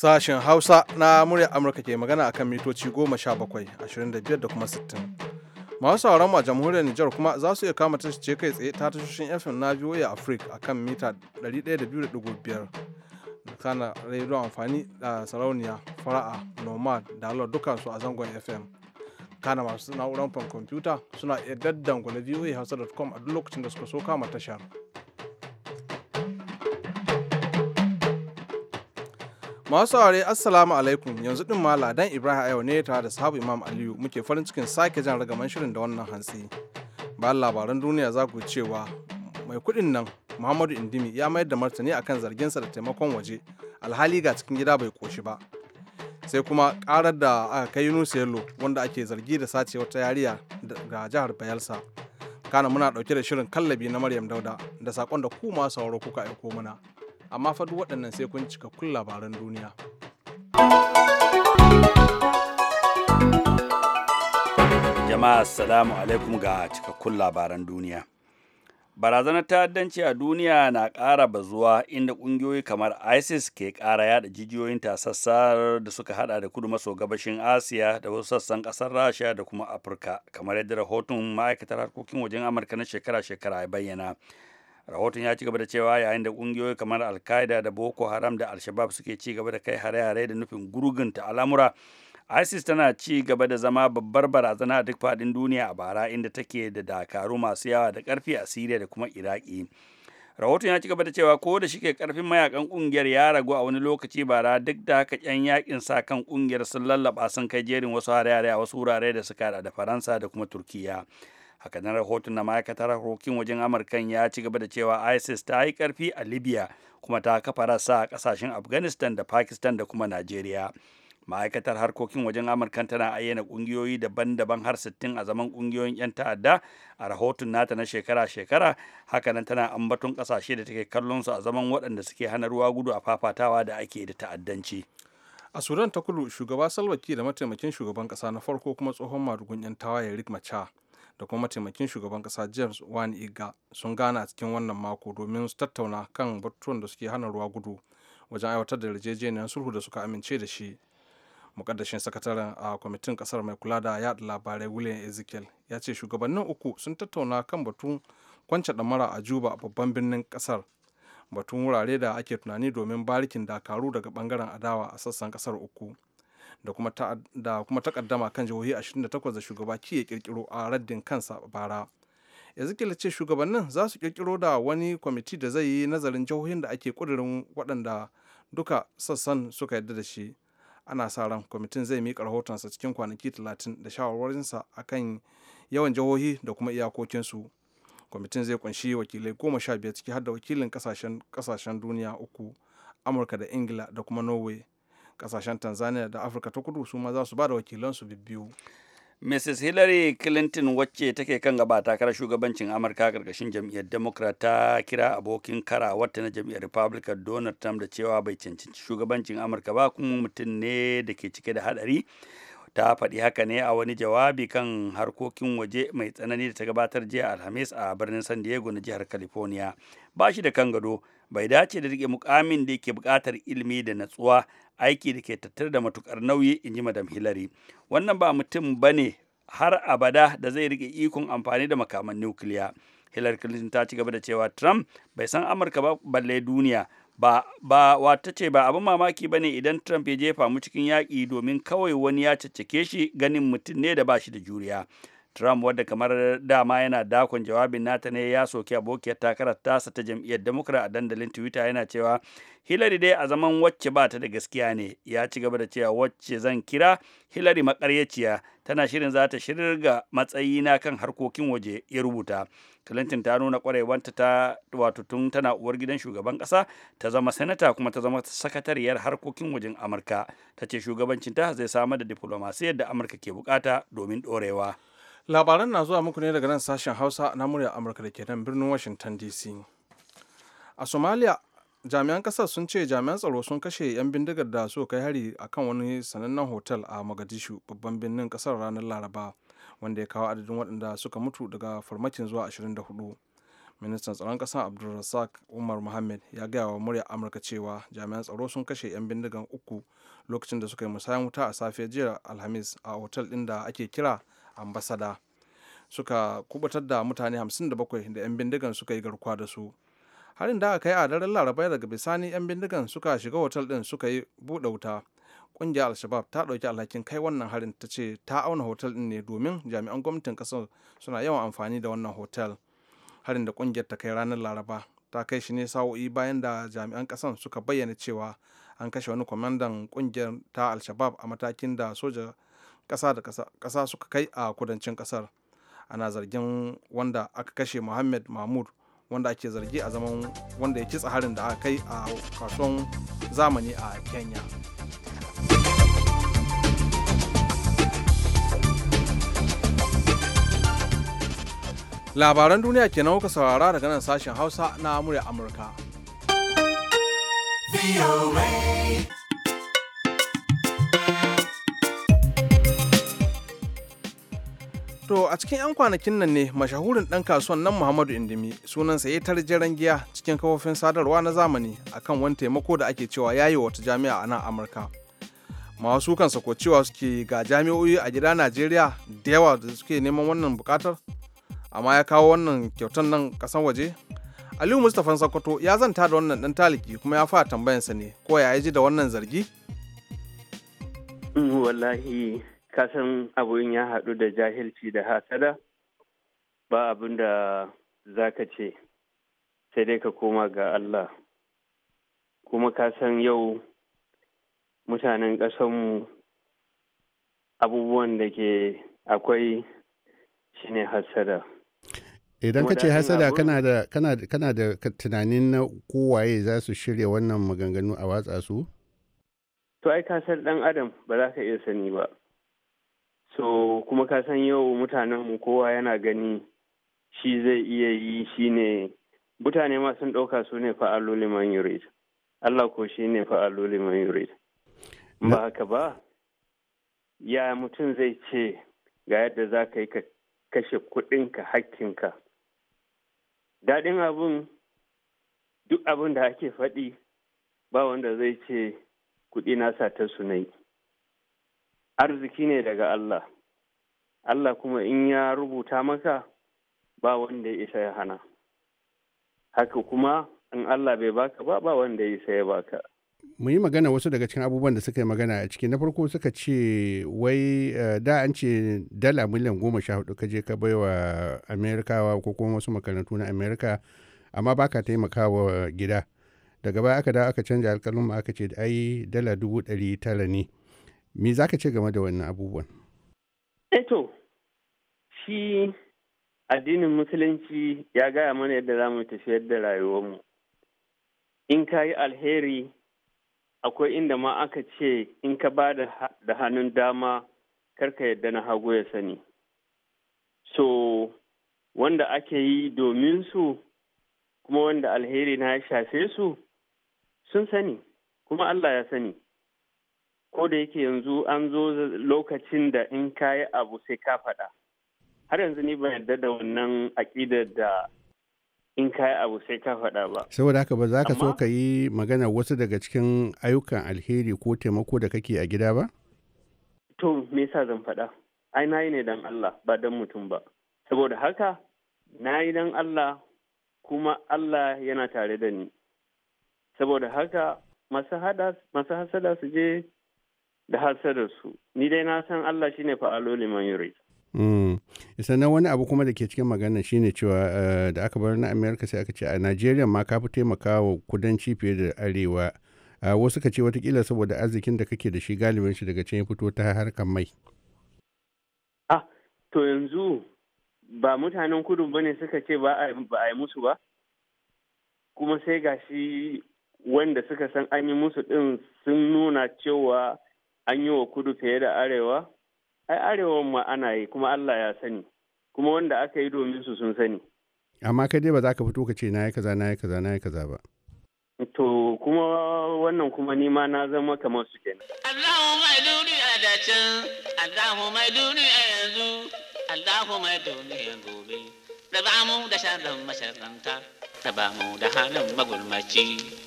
Sashen Hausa na muryar Amurka ke magana akan mitoci 17,25 da kuma 60. Masu sauran a jamhuriyar Nijar kuma za su iya kama ce kai tsaye ta tashoshin FM na VOA Africa akan mita 102.5. Kana rediyo amfani da sarauniya, fara'a, nomad da halar dukansu a zangon FM. Kana masu na'urar kwamfuta suna iya daddangwale hausa.com a duk lokacin da suka so kama tashar. Masu aure assalamu alaikum yanzu din ma ladan Ibrahim Ayo ne tare da sahabu Imam Aliyu muke farin cikin sake jan ragaman shirin da wannan hantsi. Bayan labaran duniya za ku cewa mai kuɗin nan Muhammadu Indimi ya mayar da martani akan zarginsa da taimakon waje alhali ga cikin gida bai koshi ba. Sai kuma karar da aka kai Yunus Yello wanda ake zargi da sace wata yariya ga jihar Bayelsa. Kana muna ɗauke da shirin kallabi na Maryam Dauda da sakon da ku masu sauro kuka aiko mana. amma fa duk waɗannan sai kun cikakkun labaran duniya. Jama'a salamu alaikum ga cikakkun labaran duniya. Barazanar ta'addanci a duniya na ƙara bazuwa inda ƙungiyoyi kamar ISIS ke ƙara yada jijiyoyin tasassar da suka hada da kudu maso gabashin Asiya da wasu sassan ƙasar Rasha da kuma Afirka, kamar yadda rahoton ma'aikatar harkokin wajen Amurka na shekara-shekara ya bayyana. rahoton ya ci gaba da cewa yayin da kungiyoyi kamar al da boko haram da al-shabab suke ci gaba da kai hare-hare da nufin gurgunta al'amura isis tana ci gaba da zama babbar barazana a duk faɗin duniya a bara inda take da dakaru masu yawa da ƙarfi a siriya da kuma iraki rahoton ya ci gaba da cewa ko da shike karfin mayakan kungiyar ya ragu a wani lokaci bara duk da haka yan yakin sa kan kungiyar sun lallaba sun kai jerin wasu hare-hare a wasu wurare da suka da faransa da kuma turkiya hakanan rahoton na ma'aikatar harkokin wajen amurkan ya ci gaba da cewa isis ta yi karfi a libya kuma ta kafa rasa a kasashen afghanistan da pakistan da kuma nigeria ma'aikatar harkokin wajen amurka tana ayyana kungiyoyi daban-daban har 60 a zaman kungiyoyin 'yan ta'adda a rahoton nata na shekara-shekara hakanan tana ambaton kasashe da take kallon su a zaman waɗanda suke hana ruwa gudu a fafatawa da ake da ta'addanci a sudan ta kudu shugaba salwaki da mataimakin shugaban kasa na farko kuma tsohon marugun 'yan tawaye rick macha da kuma mataimakin shugaban kasa james wani iga sun gana a cikin wannan mako domin su tattauna kan batutuwan da suke hana ruwa gudu wajen aiwatar da yarjejeniyar sulhu da suka amince da shi mukaddashin sakataren a kwamitin kasar mai kula da yaɗa labarai william ezekiel ya ce shugabannin uku sun tattauna kan batun kwance damara a juba babban birnin kasar batun wurare da ake tunani domin barikin dakaru daga bangaren adawa a sassan kasar uku da kuma takaddama kan jihohi 28 da shugaba ki ya kirkiro a raddin kansa bara ezekiel ce shugabannin za su kirkiro da wani kwamiti da zai yi nazarin jihohin da ake kudirin waɗanda duka sassan suka yarda da shi ana sa ran kwamitin zai miƙa rahotonsa cikin kwanaki 30 da shawarwarinsa akan yawan jihohi da kuma iyakokinsu kwamitin zai kunshi wakilai goma sha biyar ciki har da wakilin kasashen duniya uku amurka da ingila da kuma norway kasashen tanzania da afirka ta kudu su ma za su ba da wakilansu biyu Mrs. Hillary Clinton wacce take kan gaba takarar shugabancin Amurka karkashin jam'iyyar Democrat ta kira abokin kara wata na jam'iyyar Republican Donald Trump da cewa bai cancanci shugabancin Amurka ba kuma mutum ne da ke cike da hadari ta faɗi haka ne a wani jawabi kan harkokin waje mai tsanani da ta gabatar jiya alhamis a birnin san diego na jihar california ba shi da kan gado bai dace da rike mukamin da yake buƙatar ilimi da natsuwa aiki da ke tattar da matukar nauyi in ji madam hillary wannan ba mutum ba ne har abada da zai rike ikon amfani da makaman nukiliya hillary clinton ta ci gaba da cewa trump bai san amurka ba balle duniya ba ba wata ce ba abin mamaki bane idan Trump ya jefa mu cikin yaƙi domin kawai wani ya caccake shi ganin mutum ne da ba shi da juriya Trump wadda kamar dama yana dakon jawabin nata ne ya soki abokiyar takarar tasa ta jam'iyyar Democrat a dandalin Twitter yana cewa Hillary dai a zaman wacce ba ta da gaskiya ne ya ci gaba da cewa wacce zan kira Hillary makaryaciya tana shirin za ta ga matsayi na kan harkokin waje ya rubuta. Clinton ta nuna kwarewanta ta wato tun tana uwar gidan shugaban kasa ta zama senata kuma ta zama sakatariyar harkokin wajen Amurka ta ce shugabancinta zai samar da diplomasiyar da Amurka ke bukata domin dorewa. labaran na zuwa muku ne daga nan sashen hausa na murya amurka da ke nan birnin washington dc a somalia jami'an kasar sun ce jami'an tsaro sun kashe 'yan bindigar da su kai hari akan wani sanannen hotel a mogadishu babban birnin kasar ranar laraba wanda ya kawo adadin waɗanda suka mutu daga farmakin zuwa 24 ministan tsaron ƙasar abdulrasak umar muhammad ya gaya wa murya amurka cewa jami'an tsaro sun kashe 'yan bindigan uku lokacin da suka yi musayan wuta a safiyar jiya alhamis a otal ɗin da ake kira ambasada suka kubutar da mutane 57 da 'yan bindigan suka yi garkuwa da su harin da aka yi a daren laraba daga bisani 'yan bindigan suka shiga hotel din suka yi buɗe wuta ƙungiyar al ta ɗauki alhakin kai wannan harin ta ce ta auna hotel din ne domin jami'an gwamnatin ƙasar suna yawan amfani da wannan hotel harin da ƙungiyar ta kai ranar laraba ta kai shi ne sa'o'i bayan da jami'an ƙasar suka bayyana cewa an kashe wani kwamandan ƙungiyar ta alshabab a matakin da soja ƙasa da ƙasa suka kai a kudancin ƙasar ana zargin wanda aka kashe muhammad mahmud wanda ake zargi a zaman wanda ya kitsa harin da aka kai a kasuwan zamani a kenya labaran duniya kenan kuka saurara daga nan sashen hausa na murya amurka To a cikin 'yan kwanakin nan ne mashahurin ɗan kasuwan nan Muhammadu Indimi sunansa ya jiran giya cikin kafofin sadarwa na zamani akan wani taimako da ake cewa yayi wata jami'a a nan Amurka. Masu kansa ko cewa suke ga jami'o'i a gida Najeriya da yawa da suke neman wannan bukatar amma ya kawo wannan kyautar nan ƙasan waje. Aliyu Mustapha Sokoto ya zanta da wannan ɗan taliki kuma ya fara tambayansa ne ko ya ji da wannan zargi. Wallahi kasan abin ya haɗu da jahilci da hasada ba abin da za ka ce sai dai ka koma ga Allah kuma kasan yau mutanen ƙasanmu abubuwan da ke akwai shine hasada idan ka ce hasada kana da tunanin na kowaye za su shirya wannan maganganu a watsa su? to ai kasar dan adam ba za ka iya sani ba so kuma ka san yau mutanen mu kowa yana gani shi zai iya yi shi ne mutane ma sun ɗauka su ne fa'alu man yurid Allah ko shi ne fa'alu man yurid ba haka ba ya mutum zai ce ga yadda za ka yi ka kashe kuɗinka hakkinka daɗin abun duk abin da ake faɗi ba wanda zai ce kuɗi na ta su sunai arziki ne daga Allah Allah kuma in ya rubuta maka ba wanda ya isa ya hana haka kuma in Allah bai baka ba ba wanda isa ya baka mu yi magana wasu daga cikin abubuwan da suka yi magana a ciki na farko suka ce wai eh, da an ce dala miliyan goma sha hudu ka je ka bai wa amerikawa ko kuma wasu makarantu na amerika amma baka taimakawa gida daga baya aka dawo aka canja alkalin aka ce ai dala dubu ɗari tara ne Me za ka ce game da wannan abubuwan? Eto, eh shi addinin musulunci ya gaya mana yadda za mu tafiyar da mu In ka yi alheri, akwai inda ma aka ce in ka ba da hannun dama karka yadda na hagu ya sani. So, wanda ake yi domin su kuma wanda alheri na ya shafe su, sun sani, kuma Allah ya sani. ko da yake yanzu an zo lokacin da in kayi abu sai ka faɗa har yanzu ni ban yarda da wannan aƙidar da in kayi abu sai ka faɗa ba saboda haka ba za ka so ka yi magana wasu daga cikin ayyukan alheri ko taimako da kake a gida ba to me yasa zan faɗa ai na yi ne dan Allah ba dan mutum ba saboda haka na yi dan Allah kuma Allah yana tare da ni saboda haka masu hasada su je da su ni dai na san Allah shine aloli man yuri mm. sannan wani abu kuma da ke cikin magana shine cewa eh, da aka bar na amerika sai aka ce a najeriya ma ka fi taimaka wa kudanci fiye da arewa wasu ka ce watakila saboda arzikin da kake da shi galibin shi daga can ya fito ta harkar mai ah to yanzu ba mutanen kudu ba ne suka ce ba a yi musu ba kuma sai gashi wanda suka san an yi musu din sun nuna cewa an yi wa kudu fiye da arewa ai arewan ma ana yi kuma allah ya sani kuma wanda aka yi domin su sun sani amma kai dai ba za ka fito ka ce na yi kaza na yi kaza na yi kaza ba to kuma wannan kuma ni ma na zama kamar su kenan allahu mai duniya da can allahu mai duniya yanzu allahu mai duniya gobe da ba mu da sharran masharanta da ba mu da halin magulmaci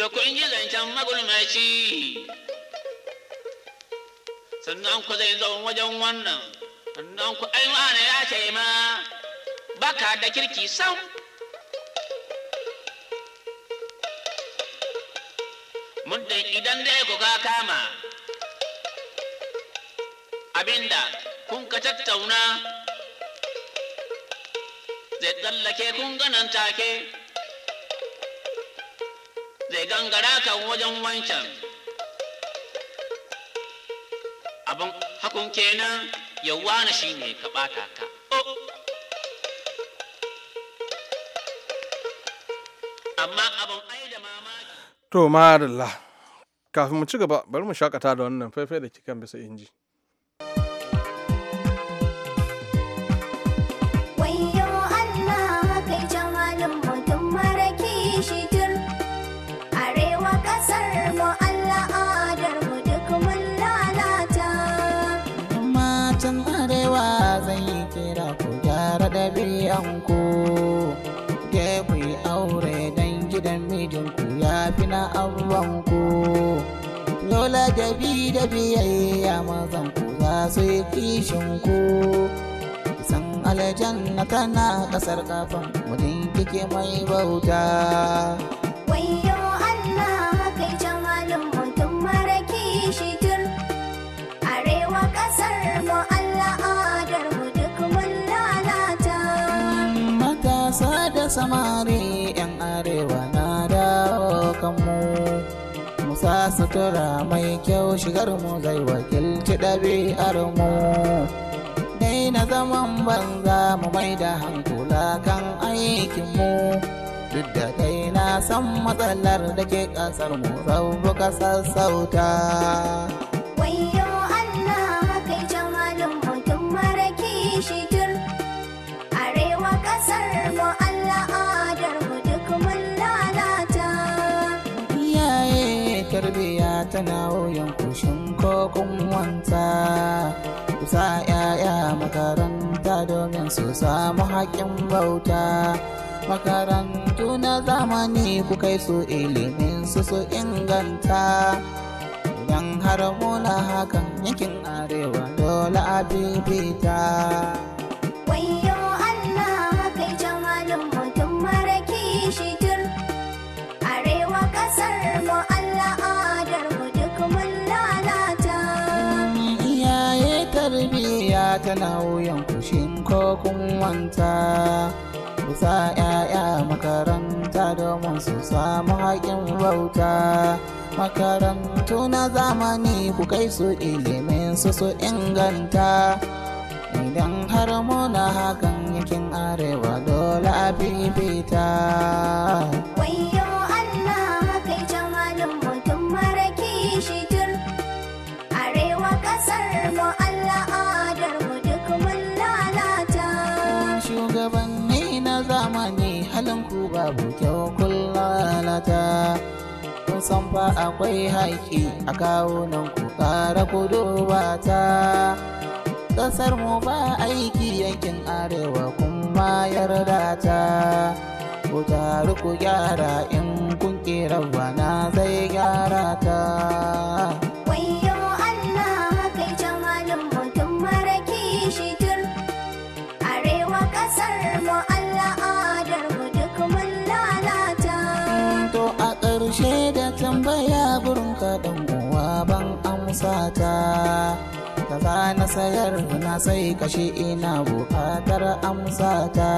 to kun ji zancen magulmaci sannan ku zai zo wajen wannan sannan ku ai mana ya ce ma baka da kirki sam muddin idan dai ku ka kama abinda kun ka tattauna zai tsallake kun ganan take zai gangara kan wajen wancan abin hakun kenan yawwa na shi ne ka ɓata ka amma abin ai da mamaki to madalla kafin mu ci gaba bari mu shakata da wannan faifai da kikan bisa inji mutan arewa zan yi kira ku gyara biyanku ke ku yi aure don gidan mijinku ya fi na abubuwanku yola bi da biyayya mazan ku za su yi kishinku san aljanna tana ƙasar kafin mutum kike mai bauta samari yan arewa na dawo kanmu musa sutura mai kyau shigar mu zai wakilci ɗabi'ar mu na zaman banza mu mai da hankula kan aikinmu duk da dai na san matsalar da ke ƙasar mu rabu sassauta wanta ku sa ‘ya'ya makaranta domin su samu haƙƙin bauta makarantu na zamani ku kai su ilimin su su inganta yan har muna hakan yankin arewa dole a bibita tana nauyin kushin ko kun wanta ku sa 'ya'ya makaranta domin su samu haƙin bauta makarantu na zamani ku kai su ilimin su su inganta idan har muna hakan yakin arewa dole a fifita babu kyau kun kun san fa akwai haƙƙi a kawunan ku ƙara ku duba ta ƙasar mu ba aiki yankin arewa kun ma yarda ta ku taru ku gyara in kun ƙera bana zai gyara ta sata kaza na sayar na sai kashe ina buƙatar amsata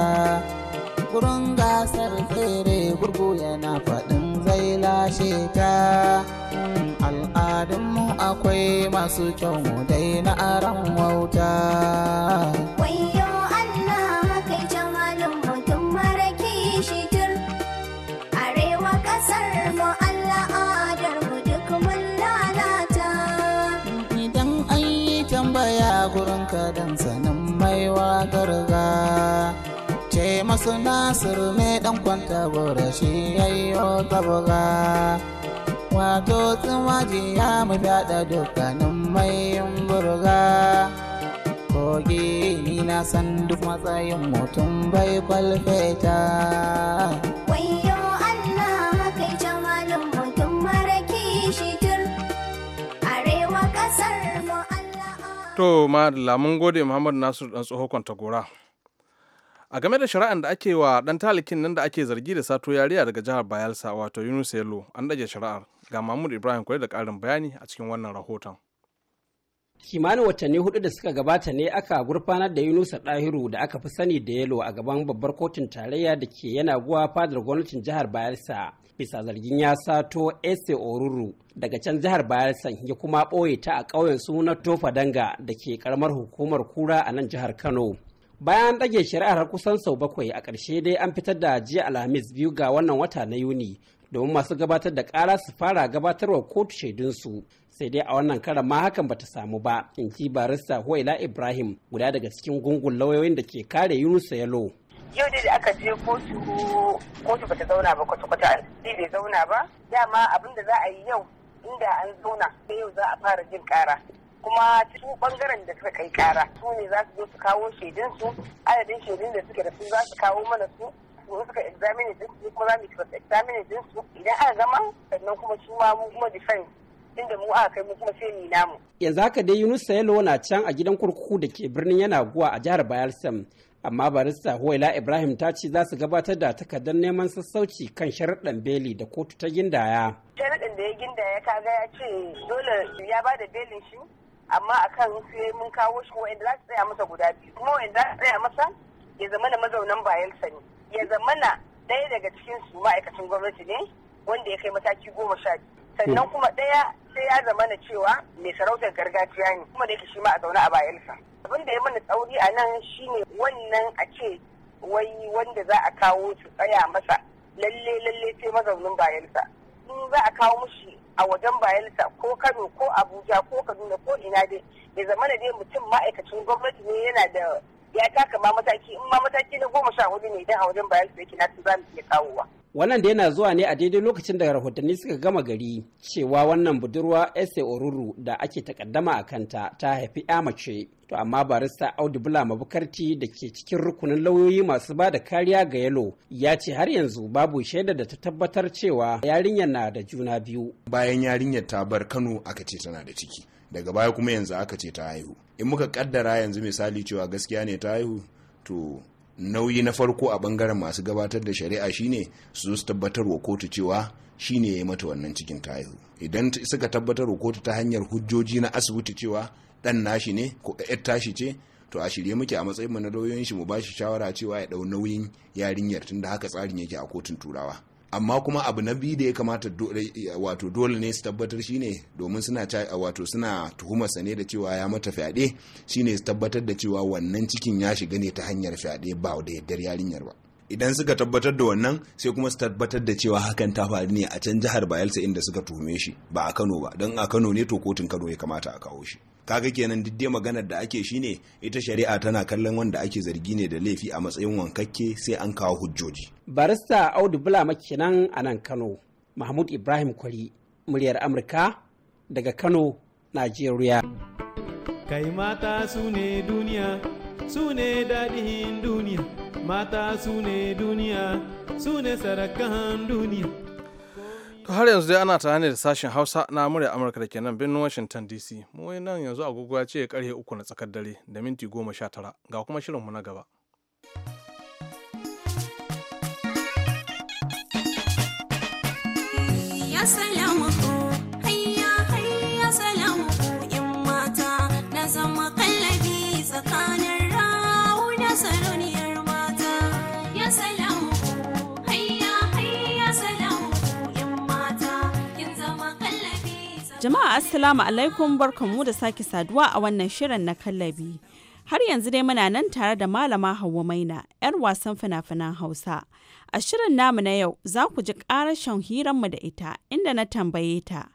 kurun gasar tsere gurgu yana faɗin zai lashe ta al'adunmu akwai masu kyau mu dai na aran wauta nasiru mai dan kwanta bora shi yayyo ta buga wato tsumaji ya mu fada dukkanin mai burga kogi ni na san duk matsayin mutum bai kwalfeta wayo to ma lamun gode muhammad nasiru ɗan tsohon kwanta a game da shari'ar da ake wa dan talikin nan da ake zargi da sato yariya daga jihar bayelsa wato yunus yalo an ɗage shari'ar ga mahmud ibrahim kwaye da ƙarin bayani a cikin wannan rahoton kimanin watanni hudu da suka gabata ne aka gurfanar da yunusa ɗahiru da aka fi sani da yalo a gaban babbar kotun tarayya da ke yana guwa fadar gwamnatin jihar bayelsa bisa zargin ya sato ese oruru daga can jihar bayelsa ya kuma ɓoye ta a ƙauyen su na tofa danga da ke karamar hukumar kura a nan jihar kano bayan ɗage shari'ar kusan sau bakwai a ƙarshe dai an fitar da jiya alhamis biyu ga wannan wata na yuni domin masu gabatar da ƙara su fara gabatarwa kotu shaidunsu sai dai a wannan karan ma hakan bata samu ba in ji barista huwaila ibrahim guda daga cikin gungun lauyoyin da ke kare yunusa yalo yau dai da aka je kotu kotu bata zauna ba kwata-kwata bai zauna ba dama abin da za a yi yau inda an zauna sai yau za a fara jin ƙara. kuma cikin bangaren da suka kai kara su ne za su zo su kawo shaidun su adadin shaidun da suke da su za su kawo mana su su suka examine din su kuma za mu cross examine din su idan aka gama sannan kuma su ma mu kuma defense inda mu aka kai mu kuma sai ni namu yanzu haka dai Yunus Sayelo na can a gidan kurkuku da ke birnin yana guwa a jihar Bayelsa amma barista huwaila ibrahim ta ce za su gabatar da takardar neman sassauci kan sharaɗin beli da kotu ta gindaya sharaɗin da ya gindaya kaga ya ce dole ya ba da belin shi amma akan sai mun kawo shi inda za su tsaya masa guda biyu kuma inda za su tsaya masa ya zama na mazaunan bayansa ne ya zamana ɗaya daga cikin su ma'aikacin gwamnati ne wanda ya kai mataki goma sha biyu sannan kuma ɗaya sai ya zama na cewa mai sarautar gargajiya ne kuma da yake shi ma a zaune a bayansa abin da ya mana tsauri a nan shine wannan a ce wai wanda za a kawo su tsaya masa lalle lalle sai mazaunin bayansa in za a kawo mushi a wajen bayelsa ko kano ko abuja ko kaduna ko ina dai ya zama da dai mutum ma'aikacin gwamnati ne yana da ya taka ma mataki in ma mataki na goma sha hudu ne idan a wajen bayelsa yake na za mu iya kawowa. wannan da yana zuwa ne a daidai lokacin da rahotanni suka gama gari cewa wannan budurwa ese oruru da ake takaddama a kanta ta haifi ya mace to amma barista audu bula mabukarti da ke cikin rukunin lauyoyi masu ba da kariya ga yalo ya ce har yanzu babu shaida da ta tabbatar cewa yarinyar na da juna biyu bayan yarinyar ta bar kano aka ce tana da ciki daga baya kuma yanzu aka ce ta haihu in muka kaddara yanzu misali cewa gaskiya ne ta haihu to nauyi na farko a bangaren masu gabatar da shari'a shine su su tabbatar wa kotu cewa shine ya yi mata wannan cikin ta haihu idan suka tabbatar wa kotu ta hanyar hujjoji na asibiti cewa dan nashi ne ko ƴar tashi ce to a shirye muke a matsayin mu na lauyoyin shi mu ba shi shawara cewa ya ɗau nauyin yarinyar tunda haka tsarin yake a kotun turawa amma kuma abu na biyu da ya kamata eh, eh, wato dole ne su tabbatar shine domin suna eh, wato suna tuhumarsa ne da cewa ya mata fyaɗe shine su tabbatar da cewa wannan cikin ya shiga ne ta hanyar fyaɗe ba da yardar yarinyar ba idan suka tabbatar da wannan sai kuma su tabbatar da cewa hakan ta faru ne a can jihar bayelsa inda suka tuhume shi ba a kano ba don a kano ne to kotun kano ya kamata a kawo shi kaga kenan duk dai maganar da ake shine ita shari'a tana kallon wanda ake zargi ne da laifi a matsayin wankakke sai an kawo hujjoji barista audu bulama kenan a nan kano mahmud ibrahim kwari muryar amurka daga kano najeriya kai mata su ne duniya su ne daɗin duniya mata su ne duniya su ne sarakan duniya To har yanzu dai ana tare ne da sashen Hausa na murya Amurka da kenan birnin Washington DC. Mu nan yanzu agogo ya ce karfe uku na tsakar dare da minti goma sha tara ga kuma shirin mu na gaba. Ya salamu Jama'a Assalamu alaikum barkanmu da sake saduwa a wannan shirin na kallabi. Har yanzu dai muna nan tare da Malama Hauwa Maina, 'yar wasan fina-finan Hausa. A shirin namu na yau za ku ji ƙarashin hiranmu da ita inda na tambaye ta.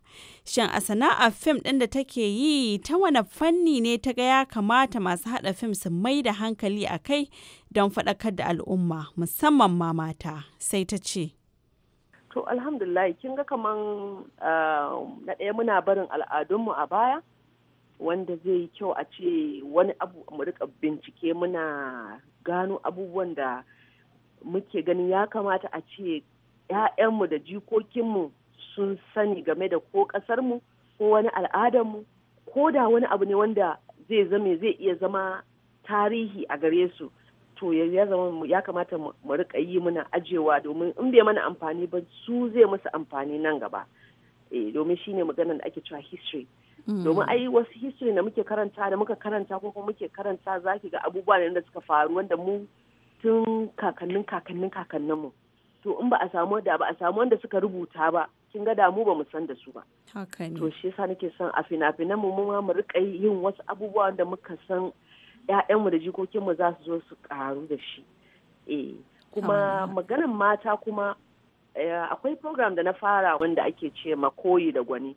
Shin a sana'a fim ɗin da take yi ta wani fanni ne ta ga ya kamata masu haɗa fim su mai da hankali a kai don faɗakar da al'umma musamman ma mata sai ta ce. to alhamdulillah kin ga kaman ah, na ɗaya muna barin al'adunmu a baya wanda zai yi kyau a ce wani abu mu rika bincike muna gano abubuwan da muke gani ya kamata a ce 'ya'yanmu da jikokinmu sun sani game da ko ƙasarmu ko wani al'adarmu ko da wani abu ne wanda zai zame zai iya zama tarihi a gare su to ya zama ya kamata mu rika yi muna ajiyewa domin in bai mana amfani ba su zai musu amfani nan gaba eh domin shine maganar da ake cewa history mm. domin ai wasu history da muke karanta da muka karanta ko kuma muke karanta zaki ga abubuwa ne da suka faru wanda mu tun kakannin kakannin kakannin mu to in ba a samu da ba a samu wanda suka rubuta ba kin ga damu ba mu san da su ba to shi yasa nake son a fina-finan mu mu rika yin wasu abubuwa da muka san 'ya'yanmu da jikokinmu za su zo su karu da shi eh kuma maganin mata kuma eh, akwai program da na fara wanda ake ce makoyi da gwani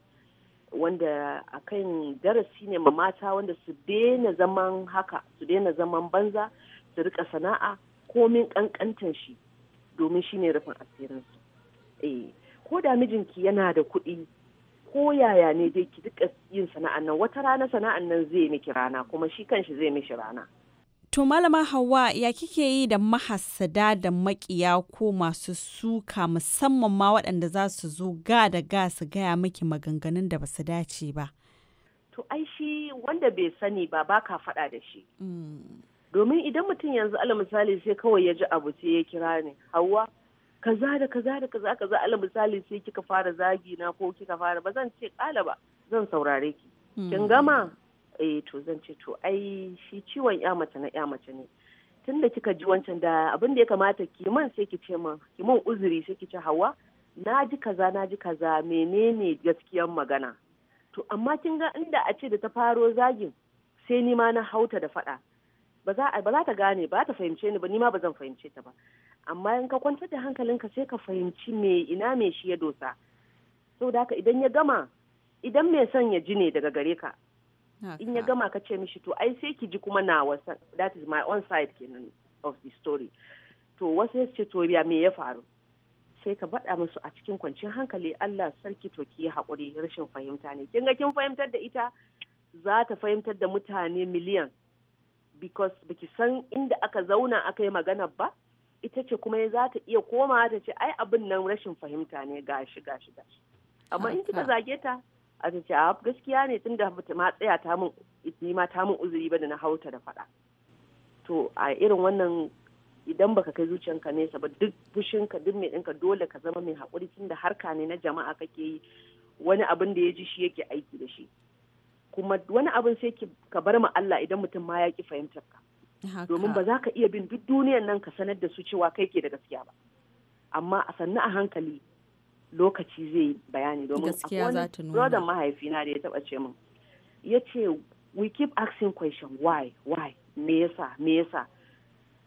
wanda akan darasi ne ma mata wanda su daina zaman haka su daina zaman banza su rika sana'a komin kankantan shi domin shi ne rufin asirinsu eh ko da mijinki yana da kuɗi ko yaya ne dai ki duka yin sana'an nan wata rana sana'an nan zai miki rana kuma shi kanshi zai mishi rana To malama Hauwa ya kike yi da mahasada da makiya ko masu suka musamman ma waɗanda za su zo ga da ga su gaya miki maganganun da ba su dace ba. To ai shi wanda bai sani ba ba ka faɗa da shi. Mm. Domin idan mutum yanzu ala misali sai kawai ya ji abu sai ya kira ni Hauwa kaza da kaza da kaza kaza ala misali sai kika fara zagi na ko kika fara ba zan ce kala ba zan saurare ki kin hmm. gama eh to zan ce to ai shi ciwon ya mace na ya mace ne tunda kika ji wancan da abin da ya kamata ki man sai ki ce man ki man uzuri sai ki ce hawa na ji kaza na ji kaza menene gaskiyar magana to amma kin ga inda a ce da ta faro zagin sai ni ma na hauta da faɗa ba za ta gane ba ta fahimce ni ba ni ma ba zan fahimce ta ba amma in ka kwantar da hankalinka sai ka fahimci me ina me shi ya dosa da ka idan ya gama idan mai son ya ji ne daga gare ka in ya gama ka ce mishi to ai sai ki ji kuma na wasan that is my own side kenan of the story to wasu ya ce to ya me ya faru sai ka baɗa musu a cikin kwanciyar hankali Allah sarki to ki haƙuri rashin fahimta ne kin ga kin fahimtar da ita za ta fahimtar da mutane miliyan because baki san inda aka zauna aka yi magana ba ita ce kuma za ta iya komawa ta ce ai abin nan rashin fahimta ne gashi gashi gashi amma in kika zage ta a ta ce a gaskiya ne tun da ma tsaya ta mun ma ta mun uzuri ba da na hauta da faɗa to a irin wannan idan baka kai zuciyanka nesa ba duk fushinka duk mai ɗinka dole ka zama mai haƙuri tunda harka ne na jama'a kake yi wani abin da ya ji shi yake aiki da shi kuma wani abin sai ka bar ma Allah idan mutum ma ya ki fahimtar ka domin ba za ka iya bin duk duniyan nan ka sanar da su cewa kai ke da gaskiya ba amma a sannu a hankali lokaci zai bayani domin akwai brodan mahaifina da ya taba ce min ya ce we keep asking question why why me yasa me yasa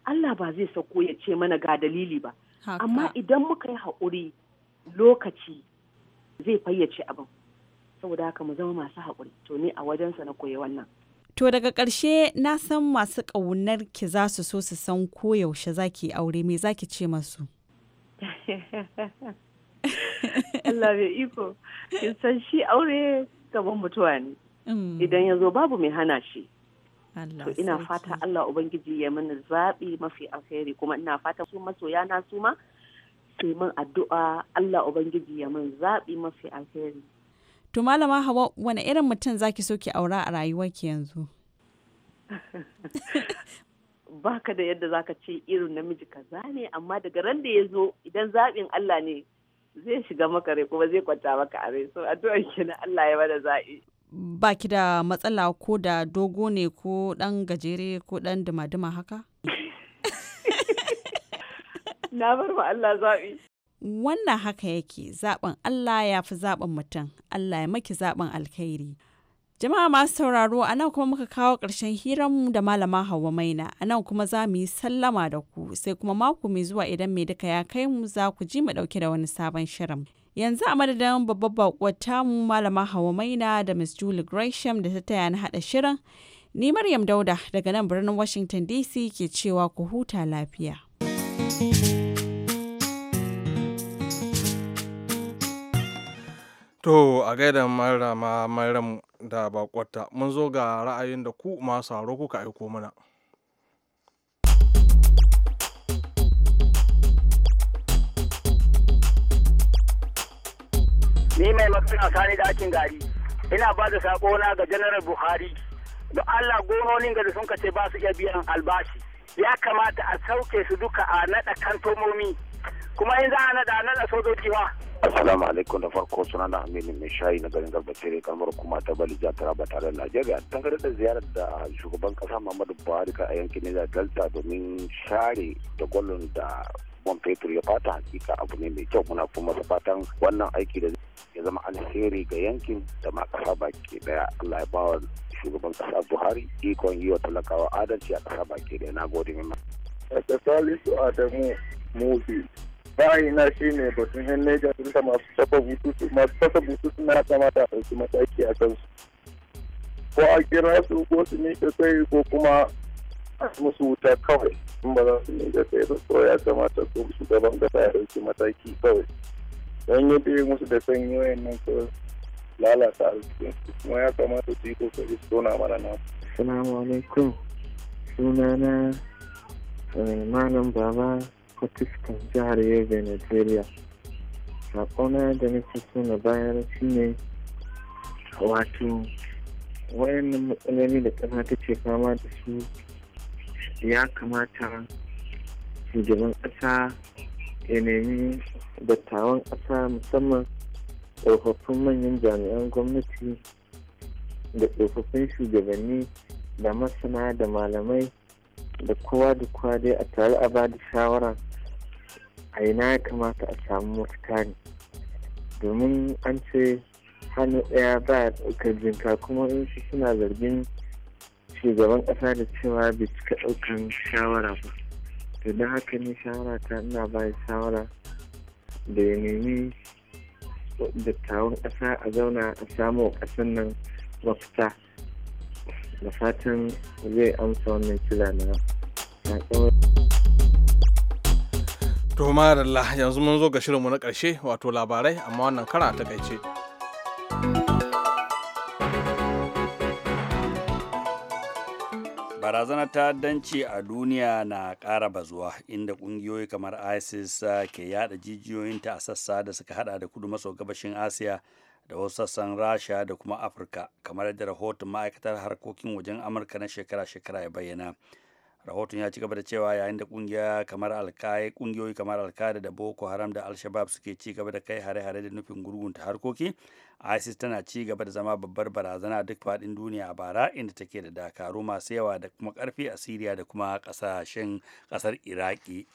Allah ba zai sako ya ce mana ga dalili ba amma idan muka yi haƙuri lokaci zai fayyace abin saboda haka mu zama masu haƙuri to ni a wajensa na koyi wannan To daga ƙarshe na san masu ƙaunar ki za su so su san koyaushe za ki aure me za ki ce masu? Allah bai iko, in san shi aure gaban mutuwa ne. Mm. Idan ya zo babu mai hana shi. To ina fata Allah Ubangiji ya mini zaɓi mafi alheri kuma ina fata su masoya na su ma su min addu'a Allah Ubangiji ya min zaɓi mafi alheri. To malama hawa wani irin mutum zaki so ki aura a rayuwarki yanzu? Baka da yadda zaka ce irin namiji kaza ne amma daga ran da ya zo idan zaɓin Allah ne zai shiga maka rai kuma zai kwanta maka a rai so addu'ar kenan Allah ya bada zaɓi. Baki da matsala ko da dogo ne ko ɗan gajere ko ɗan dumaduma haka? Na bar ma Allah zaɓi. wannan haka yake zaben Allah ya fi zaben mutum Allah ya maki zaben alkhairi jama'a masu sauraro a nan kuma muka kawo ƙarshen hiranmu da malama hawa maina a nan kuma za mu yi sallama da ku sai kuma mako mai zuwa idan mai duka ya kai mu za ku ji mu ɗauke da wani sabon shirin yanzu a madadin babbar bakwata mu malama hawa maina da miss julie gresham da ta taya na haɗa shirin ni maryam dauda daga nan birnin washington dc ke cewa ku huta lafiya. To a gaida Marama Maryam da baƙwata mun zo ga ra'ayin da ku masu sauraro kuka aiko mana. Ni mai magana sani da akin gari ina ba da na ga General Buhari da Allah gononin gari sun kace ba su iya biyan albashi ya kamata a sauke su duka a naɗa kantomomi kuma in za a naɗa naɗa sojoji fa Assalamu alaikum da farko suna na Aminu mai shayi na garin Garbatere kamar kuma ta tara ba tare da Najeriya dangane da ziyarar da shugaban kasa Muhammadu Buhari ka a yankin Niger Delta domin share da gwalon da man fetur ya fata hakika abu ne mai kyau muna kuma da fatan wannan aiki da ya zama alheri ga yankin da ma kasa baki daya Allah ya bawa shugaban kasa Buhari ikon yi wa talakawa adalci a kasa baki daya na gode mai ma. Adamu ra'ayi na shi ne batun yan neja sun ta masu tafa bututu masu tafa bututu na kamata a ɗauki mataki a kansu ko a kira su ko su kuma a musu wuta kawai in ba za su miƙe kai ba ko ya kamata ko shugaban gaba ya ɗauki mataki kawai don ya musu da sanyi wayan nan ko lalata kuma ya kamata su yi kokari su tona mana na. Assalamu alaikum sunana uh, Malam Baba Fatiskan jihar Yobe, Najeriya. Sakona da nake so na bayar shi ne wato wayannan matsaloli da ta ce fama da su ya kamata shugaban ƙasa ya nemi dattawan ƙasa musamman tsofaffin manyan jami'an gwamnati da tsofaffin shugabanni da masana da malamai da kowa da kowa dai a tare a ba da shawara a ina ya kamata a samu mafita ne domin an ce hannu ɗaya ba ya ɗaukar jinka kuma in su suna zargin shugaban ƙasa da cewa bai cika ɗaukan shawara ba to don haka ne shawara ta ina ba shawara da ya nemi dattawan ƙasa a zauna a samu ƙasan nan mafita da fatan zai amsa wannan kila na To Allah yanzu mun zo ga shirinmu na ƙarshe wato labarai amma wannan kara ta kaice. Barazanar ta'addanci a duniya na ƙara bazuwa inda ƙungiyoyi kamar ISIS uh, ke yada jijiyoyinta a sassa da suka hada da kudu maso gabashin Asiya da wasu sassan Rasha da kuma Afirka kamar da rahoton ma'aikatar harkokin wajen Amurka na shekara-shekara ya bayyana. rahoton ya ci gaba da cewa yayin da kungiya kamar alkai kungiyoyi kamar alkaida da boko haram da alshabab suke ci gaba da kai hare-hare da nufin gurgunta harkoki isis tana ci gaba da zama babbar barazana duk faɗin duniya a bara inda take da dakaru masu yawa da kuma karfi a siriya da kuma ƙasashen ƙasar iraki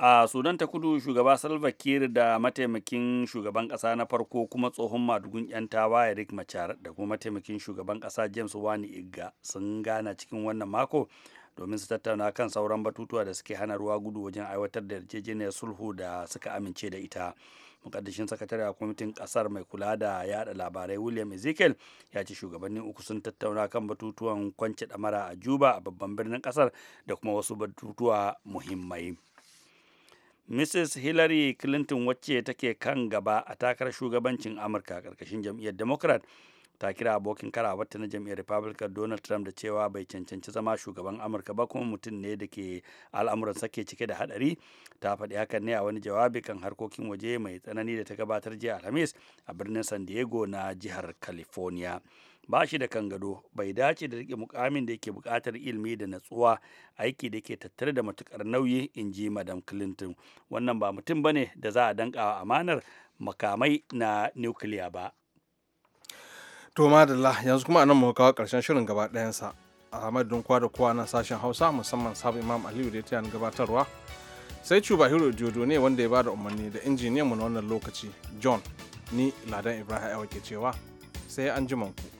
a sudan ta kudu shugaba salva kiir da mataimakin shugaban kasa na farko kuma tsohon madugun yan tawa rick machar da kuma mataimakin shugaban kasa james wani igga sun gana cikin wannan mako domin su tattauna kan sauran batutuwa da suke hana ruwa gudu wajen aiwatar da yarjejeniyar sulhu da suka amince da ita mukaddashin sakatare a kwamitin kasar mai kula da yada labarai william ezekiel ya ce shugabannin uku sun tattauna kan batutuwan kwance damara a juba a babban birnin kasar da kuma wasu batutuwa muhimmai Mrs. Hillary Clinton wacce take kan gaba a takarar shugabancin Amurka ƙarƙashin jam'iyyar Democrat ta kira abokin karawarta na jam'iyyar Republican Donald Trump da cewa bai cancanci zama shugaban Amurka ba kuma mutum ne da ke al'amuran sake cike da hadari ta faɗi hakan ne a wani jawabi kan harkokin waje mai tsanani da ta gabatar jiya Alhamis a birnin San Diego na jihar California. ba shi da kan gado bai dace da rike mukamin da yake bukatar ilimi da natsuwa aiki da ke tattare da matukar nauyi in ji madam clinton wannan ba mutum ba ne da za a dankawa amanar makamai na nukiliya ba to madalla yanzu kuma anan mu kawo karshen shirin gaba ɗayansa ahmad kwa da kowa na sashen hausa musamman sabu imam aliyu da ya gabatarwa sai cuba hiro diodo ne wanda ya bada umarni da injiniyan mu na wannan lokaci john ni ladan ibrahim ke cewa sai an ku.